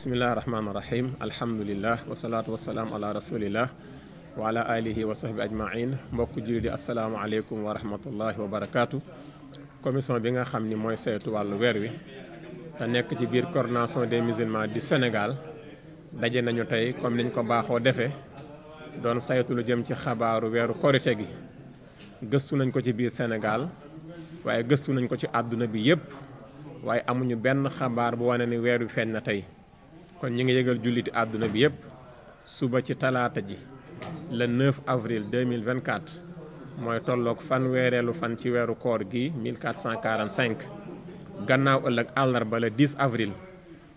bismillahi rahmaani rahim alhamdulilah wasalaatu wasalaam ala rasulillah wa ala alihi wa sahbi ajmain mbokk julli di asalaamualeykum wa rahmatullahi wa barakaatu. commission bi nga xam ni mooy saytu wàllu weer wi te nekk ci biir coordination des musulmans du senegaal daje nañu tey comme niñ ko baaxoo defee doon saytu lu jëm ci xabaaru weeru korite gi gëstu nañ ko ci biir Sénégal waaye gëstu nañ ko ci àdduna bi yépp waaye amuñu benn xabaar bu wane ni weer wi na tey kon ñi ngi yëgal julliti àdduna bi yépp suba ci talaata ji le 9 avril 2024 mooy tolloog fanweereelu fan ci weeru koor gi 1445 gannaaw ëllëg àllarba le 10 avril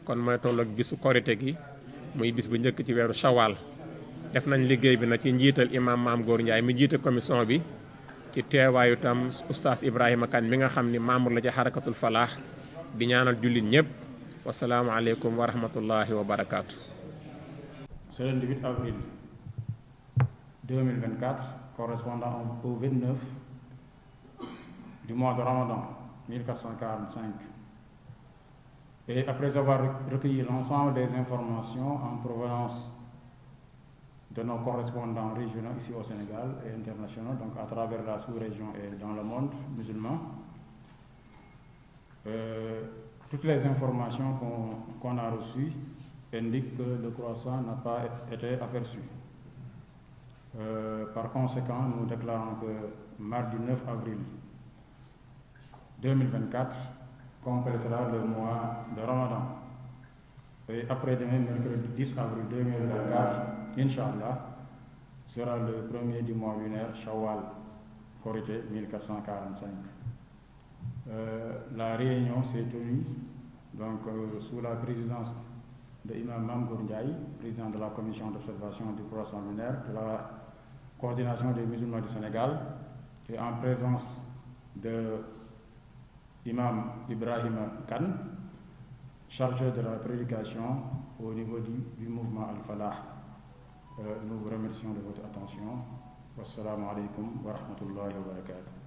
kon mooy tolloog bisu korite gi muy bis bu njëkk ci weeru shawaal def nañ liggéey bi na ci njiital imam maam Góor Ndiaye mi jiite commission bi ci teewaayu tam oustaz Ibrahima Kane mi nga xam ni membre la ci xarakatul falaax di ñaanal jullit ñëpp wasalaamualeykum wa rahmatullahi wa barakaatu. ce lundi 8 avril 2024 correspondant au 29 et après avoir recueilli des informations en provenance de nos correspondants régionaux ici donc à travers la sous-région toutes les informations qu'on qu a reçues indiquent que le croissant n'a pas été aperçu. Euh, par conséquent, nous déclarons que mardi 9 avril 2024 complétera le mois de Ramadan. Et après-demain, mercredi 10 avril 2024, Inch'Allah, sera le premier du mois lunaire, Shawwal, Corité 1445. Euh, la réunion s'est tenue donc euh, sous la présidence de Imam Mamgour Ndiaye, président de la commission d'observation du croissant lunaire de la coordination des musulmans du Sénégal et en présence de Imam Ibrahim Khan, chargé de la prédication au niveau du, du mouvement Al-Falah. Euh, nous remercions de votre attention. Wassalamu alaikum wa rahmatullahi